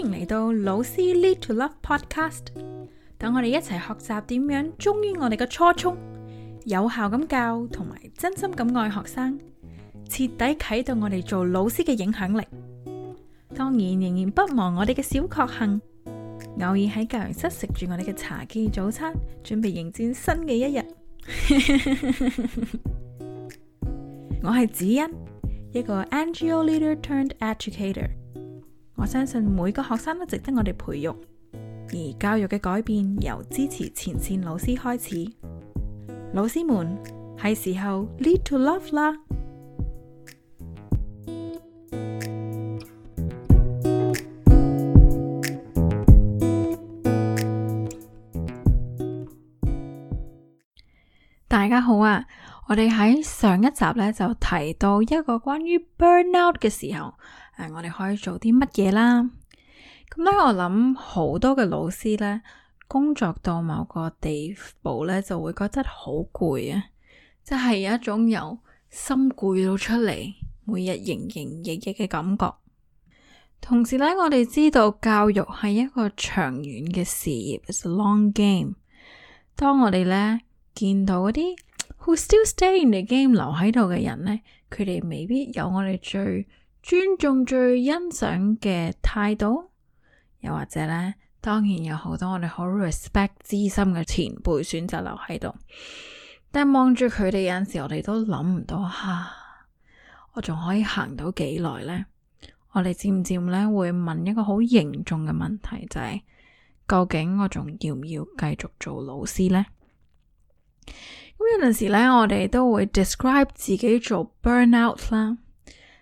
歡迎嚟到老師 Lead to Love Podcast，等我哋一齊學習點樣忠於我哋嘅初衷，有效咁教同埋真心咁愛學生，徹底啟動我哋做老師嘅影響力。當然仍然不忘我哋嘅小確幸，偶爾喺教研室食住我哋嘅茶記早餐，準備迎戰新嘅一日。 我係子欣，一個 NGO leader turned educator。Turn ed educ 我相信每個學生都值得我哋培育，而教育嘅改變由支持前線老師開始。老師們，係時候 Lead to Love 啦！大家好啊，我哋喺上一集呢就提到一個關於 burnout 嘅時候。誒，但我哋可以做啲乜嘢啦？咁咧，我諗好多嘅老師咧，工作到某個地步咧，就會覺得好攰啊，即係有一種由心攰到出嚟，每日營營役役嘅感覺。同時咧，我哋知道教育係一個長遠嘅事業，it's a long game。當我哋咧見到嗰啲 who still stay in the game 留喺度嘅人咧，佢哋未必有我哋最。尊重最欣賞嘅態度，又或者呢，當然有好多我哋好 respect 資深嘅前輩選擇留喺度。但望住佢哋有陣時，我哋都諗唔到，吓、啊、我仲可以行到幾耐呢？我哋漸漸呢會問一個好凝重嘅問題，就係、是、究竟我仲要唔要繼續做老師呢？咁有陣時呢，我哋都會 describe 自己做 burnout 啦。.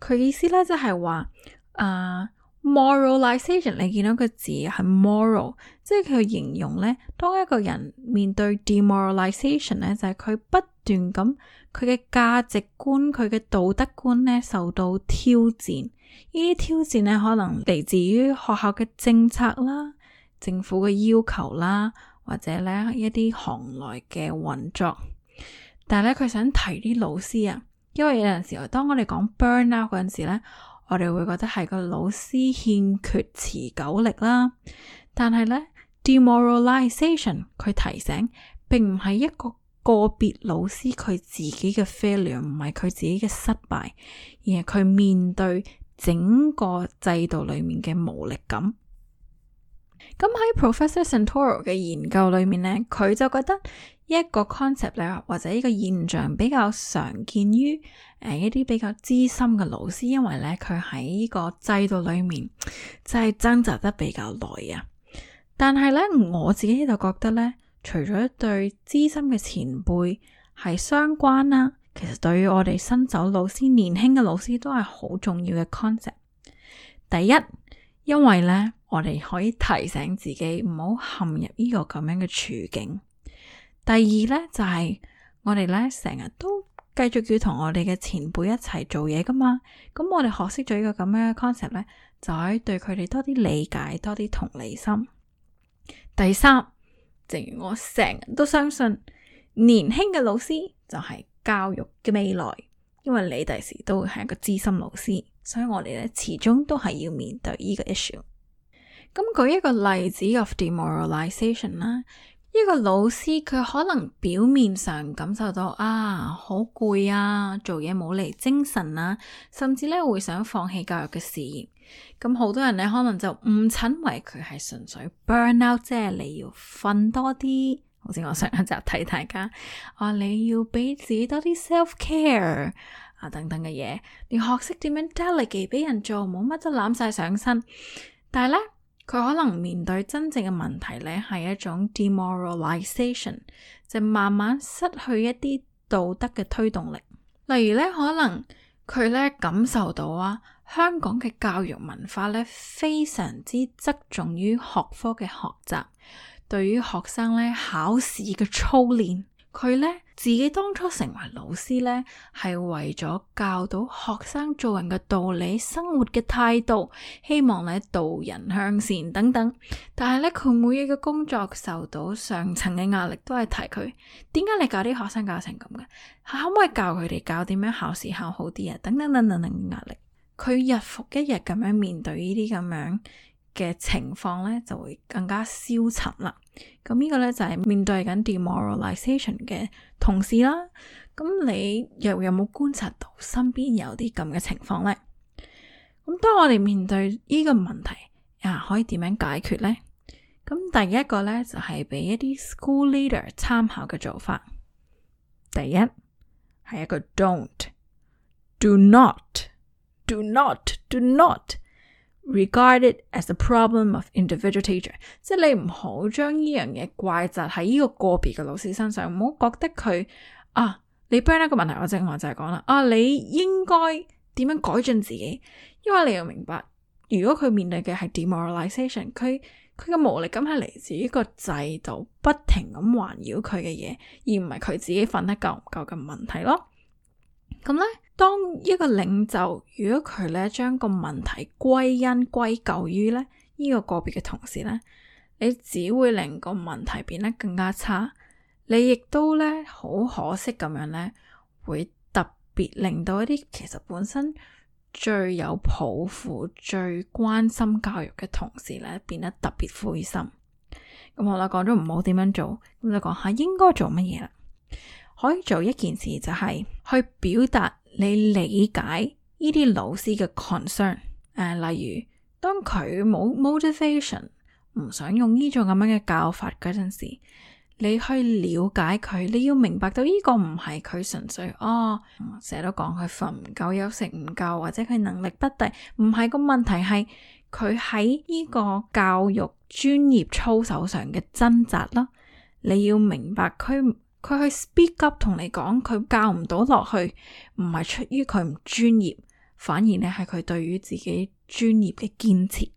佢意思咧，即係話，啊、uh, moralization，你見到個字係 moral，即係佢形容咧，當一個人面對 demoralization 咧，就係佢不斷咁，佢嘅價值觀、佢嘅道德觀咧受到挑戰。呢啲挑戰咧，可能嚟自於學校嘅政策啦、政府嘅要求啦，或者咧一啲行內嘅運作。但係咧，佢想提啲老師啊。因為有陣時候，當我哋講 burnout 嗰陣時咧，我哋會覺得係個老師欠缺持久力啦。但係咧，demoralization 佢提醒，並唔係一個個別老師佢自己嘅 failure，唔係佢自己嘅失敗，而係佢面對整個制度裏面嘅無力感。咁喺 Professor Santoro 嘅研究裏面呢，佢就覺得呢一個 concept 咧，或者呢個現象比較常見於誒一啲比較資深嘅老師，因為呢，佢喺呢個制度裏面即係掙扎得比較耐啊。但係呢，我自己就覺得呢，除咗對資深嘅前輩係相關啦，其實對於我哋新手老師、年輕嘅老師都係好重要嘅 concept。第一，因為呢。我哋可以提醒自己唔好陷入呢個咁樣嘅處境。第二呢，就係我哋呢成日都繼續要同我哋嘅前輩一齊做嘢噶嘛，咁我哋學識咗呢個咁樣嘅 concept 呢，就喺對佢哋多啲理解，多啲同理心。第三，正如我成日都相信，年輕嘅老師就係教育嘅未來，因為你第時都會係一個資深老師，所以我哋呢，始終都係要面對呢個 issue。咁舉一個例子，of demoralization 啦。依個老師佢可能表面上感受到啊，好攰啊，做嘢冇嚟精神啊，甚至咧會想放棄教育嘅事業。咁好多人咧可能就誤診為佢係純粹 burn out，即係你要瞓多啲，好似我上一集睇大家啊，你要俾自己多啲 self care 啊，等等嘅嘢，你學識點樣 delegate 俾人做，冇乜都攬晒上身，但係咧。佢可能面對真正嘅問題咧，係一種 demoralization，就慢慢失去一啲道德嘅推動力。例如咧，可能佢咧感受到啊，香港嘅教育文化咧非常之側重於學科嘅學習，對於學生咧考試嘅操練，佢咧。自己當初成為老師呢，係為咗教到學生做人嘅道理、生活嘅態度，希望你導人向善等等。但係呢，佢每日嘅工作受到上層嘅壓力都，都係提佢點解你教啲學生教成咁嘅，可唔可以教佢哋教點樣考試考好啲啊？等等等等等嘅壓力，佢日復一日咁樣面對呢啲咁樣嘅情況咧就會更加消沉啦。咁呢個咧就係面對緊 demoralization 嘅同事啦。咁你又有冇觀察到身邊有啲咁嘅情況咧？咁當我哋面對呢個問題啊，可以點樣解決咧？咁第一個咧就係俾一啲 school leader 參考嘅做法。第一係一個 don't，do not，do not，do not。regarded as the problem of individual teacher，即係你唔好將呢樣嘢怪責喺呢個個別嘅老師身上，唔好覺得佢啊，你 bring up 個問題我正話就係講啦，啊，你應該點樣改進自己，因為你要明白，如果佢面對嘅係 demoralization，佢佢嘅無力感係嚟自於個制度不停咁環繞佢嘅嘢，而唔係佢自己瞓得夠唔夠嘅問題咯，咁咧。當一個領袖，如果佢咧將個問題歸因歸咎於咧呢、這個個別嘅同事咧，你只會令個問題變得更加差。你亦都咧好可惜咁樣咧，會特別令到一啲其實本身最有抱負、最關心教育嘅同事咧變得特別灰心。咁、嗯、好啦，講咗唔好點樣做，咁就講下應該做乜嘢啦。可以做一件事就係、是、去表達。你理解呢啲老師嘅 concern，啊，例如當佢冇 motivation，唔想用呢種咁樣嘅教法嗰陣時，你去了解佢，你要明白到呢個唔係佢純粹哦，成日都講佢瞓唔夠，休息唔夠，或者佢能力不低，唔係，個問題係佢喺呢個教育專業操守上嘅掙扎囉。你要明白佢。佢去 speak up 同你講，佢教唔到落去，唔係出於佢唔專業，反而呢係佢對於自己專業嘅堅持。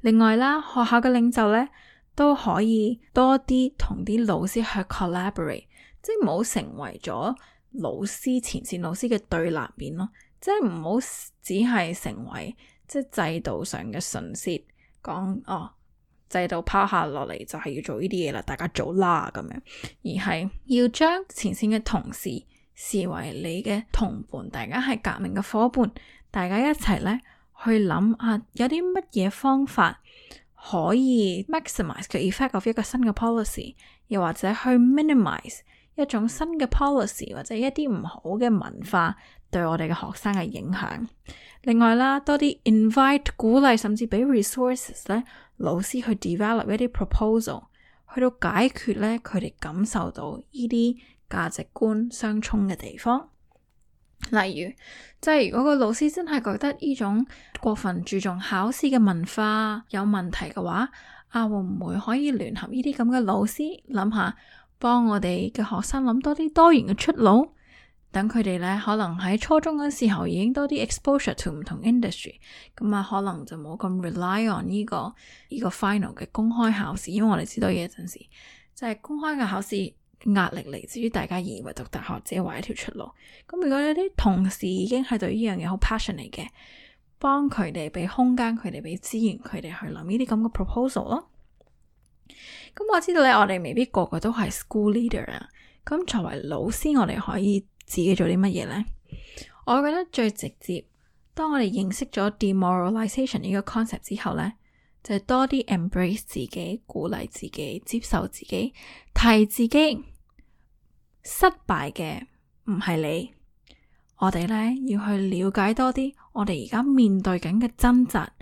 另外啦，學校嘅領袖呢都可以多啲同啲老師去 collaborate，即係唔好成為咗老師前線老師嘅對立面咯，即係唔好只係成為即係制度上嘅唇舌講哦。制度拋下落嚟就係要做呢啲嘢啦，大家做啦咁樣，而係要將前線嘅同事視為你嘅同伴，大家係革命嘅伙伴，大家一齊咧去諗下、啊、有啲乜嘢方法可以 maximize 嘅 effect of 一個新嘅 policy，又或者去 minimize。一種新嘅 policy 或者一啲唔好嘅文化對我哋嘅學生嘅影響。另外啦，多啲 invite 鼓勵甚至俾 resources 咧，老師去 develop 一啲 proposal 去到解決咧佢哋感受到呢啲價值觀相衝嘅地方。例如，即係如果個老師真係覺得呢種過分注重考試嘅文化有問題嘅話，啊會唔會可以聯合呢啲咁嘅老師諗下？想想幫我哋嘅學生諗多啲多元嘅出路，等佢哋咧可能喺初中嗰時候已經多啲 exposure to 唔同 industry，咁啊可能就冇咁 rely on 呢個呢個 final 嘅公開考試，因為我哋知道有陣時，就係公開嘅考試壓力嚟自於大家以為讀大學只係一條出路，咁如果你啲同事已經係對呢樣嘢好 passion 嚟嘅，幫佢哋俾空間，佢哋俾資源，佢哋去諗呢啲咁嘅 proposal 咯。咁、嗯、我知道咧，我哋未必個個都係 school leader 啊。咁作為老師，我哋可以自己做啲乜嘢呢？我覺得最直接，當我哋認識咗 demoralization 呢個 concept 之後呢，就係、多啲 embrace 自己，鼓勵自己，接受自己，提自己。失敗嘅唔係你，我哋呢要去了解多啲，我哋而家面對緊嘅掙扎。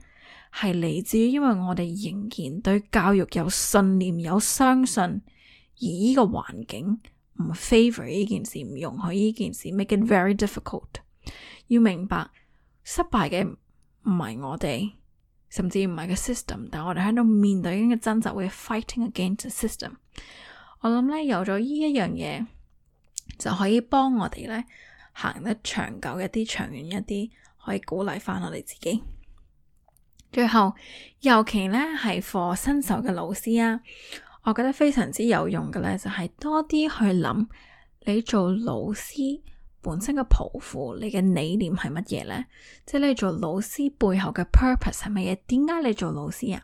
係嚟自於，因為我哋仍然對教育有信念、有相信，而呢個環境唔 favor 呢件事，唔容許呢件事，make it very difficult。要明白失敗嘅唔係我哋，甚至唔係個 system，但我哋喺度面對緊嘅掙扎，會 fighting against the system。我諗咧，有咗呢一樣嘢就可以幫我哋咧行得長久一啲、長遠一啲，可以鼓勵翻我哋自己。最後，尤其呢係課新手嘅老師啊，我覺得非常之有用嘅呢，就係多啲去諗你做老師本身嘅抱負，你嘅理念係乜嘢呢？即係你做老師背後嘅 purpose 係乜嘢？點解你做老師啊？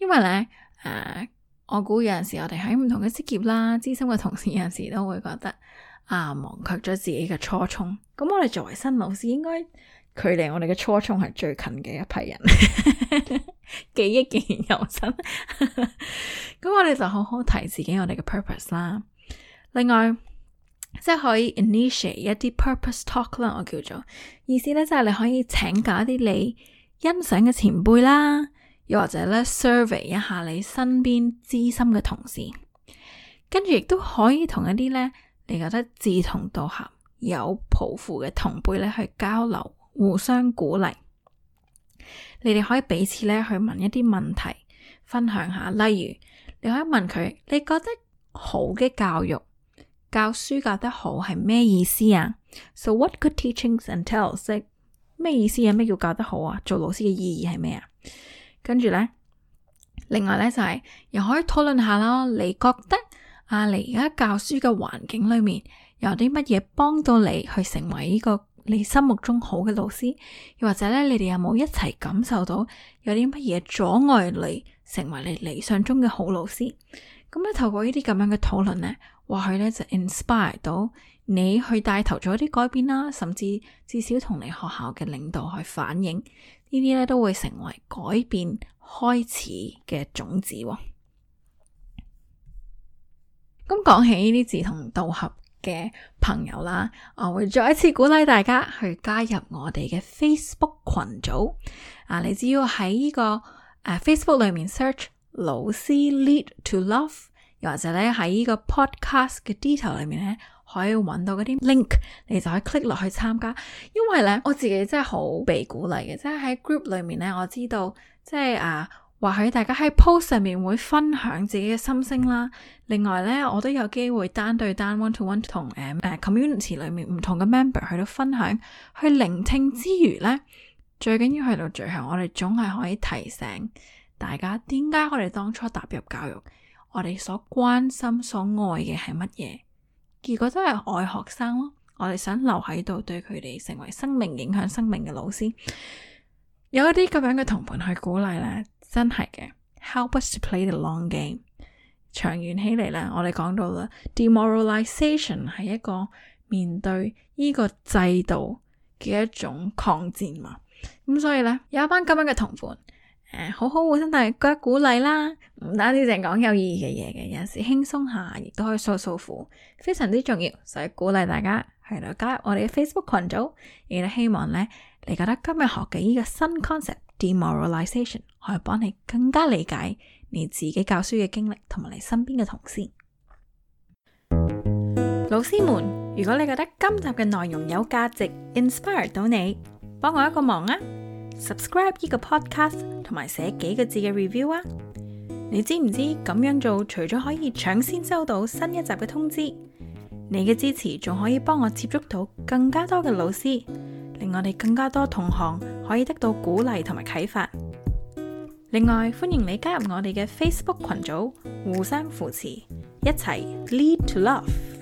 因為呢，誒、啊，我估有陣時我哋喺唔同嘅職業啦，資深嘅同事有陣時都會覺得啊，忘卻咗自己嘅初衷。咁我哋作為新老師應該。距離我哋嘅初衷係最近嘅一批人， 記憶仍然猶新，咁 我哋就好好提醒自己我哋嘅 purpose 啦。另外，即係可以 initiate 一啲 purpose talk 啦，我叫做意思咧，就係、是、你可以請教一啲你欣賞嘅前輩啦，又或者咧 survey 一下你身邊資深嘅同事，跟住亦都可以同一啲咧你覺得志同道合、有抱負嘅同輩咧去交流。互相鼓勵，你哋可以彼此咧去問一啲問題，分享下。例如，你可以問佢：你覺得好嘅教育教書教得好係咩意思啊？So what good teachings entails 咩意思啊？咩、so、叫教得好啊？做老師嘅意義係咩啊？跟住咧，另外咧就係、是、又可以討論下咯。你覺得啊，你而家教書嘅環境裏面有啲乜嘢幫到你去成為呢、這個？你心目中好嘅老師，又或者咧，你哋有冇一齊感受到有啲乜嘢阻礙你成為你理想中嘅好老師？咁咧，透過呢啲咁樣嘅討論咧，或許咧就 inspire 到你去帶頭做一啲改變啦，甚至至少同你學校嘅領導去反映呢啲咧，都會成為改變開始嘅種子。咁講起呢啲志同道合。嘅朋友啦，我會再一次鼓勵大家去加入我哋嘅 Facebook 群組啊！你只要喺呢、這個、啊、Facebook 裏面 search 老師 lead to love，又或者咧喺呢個 podcast 嘅 detail 裏面咧，可以揾到嗰啲 link，你就可以 click 落去參加。因為咧，我自己真係好被鼓勵嘅，即係喺 group 裏面咧，我知道即係啊。或許大家喺 post 上面會分享自己嘅心聲啦，另外呢，我都有機會單對單 one to one 同、uh, uh, community 裏面唔同嘅 member 去到分享，去聆聽之餘呢，最緊要去到最後，我哋總係可以提醒大家點解我哋當初踏入教育，我哋所關心、所愛嘅係乜嘢？結果都係愛學生咯，我哋想留喺度對佢哋成為生命影響生命嘅老師。有一啲咁樣嘅同伴去鼓勵咧，真係嘅，help us to play the long game。長遠起嚟咧，我哋講到啦，demoralization 係一個面對呢個制度嘅一種抗戰嘛。咁、嗯、所以咧，有一班咁樣嘅同伴，誒、呃，好好互相大家鼓勵啦，唔單止淨係講有意義嘅嘢嘅，有時輕鬆下亦都可以訴訴苦，非常之重要，就係鼓勵大家。係啦，加入我哋嘅 Facebook 群組，亦都希望咧，你覺得今日學嘅呢個新 concept demoralization 可以幫你更加理解你自己教書嘅經歷，同埋你身邊嘅同事。 老師們，如果你覺得今集嘅內容有價值，inspire 到你，幫我一個忙啊，subscribe 呢個 podcast，同埋寫幾個字嘅 review 啊。你知唔知咁樣做，除咗可以搶先收到新一集嘅通知，你嘅支持仲可以幫我接觸到更加多嘅老師，令我哋更加多同行可以得到鼓勵同埋啟發。另外，歡迎你加入我哋嘅 Facebook 群組，互相扶持，一齊 lead to love。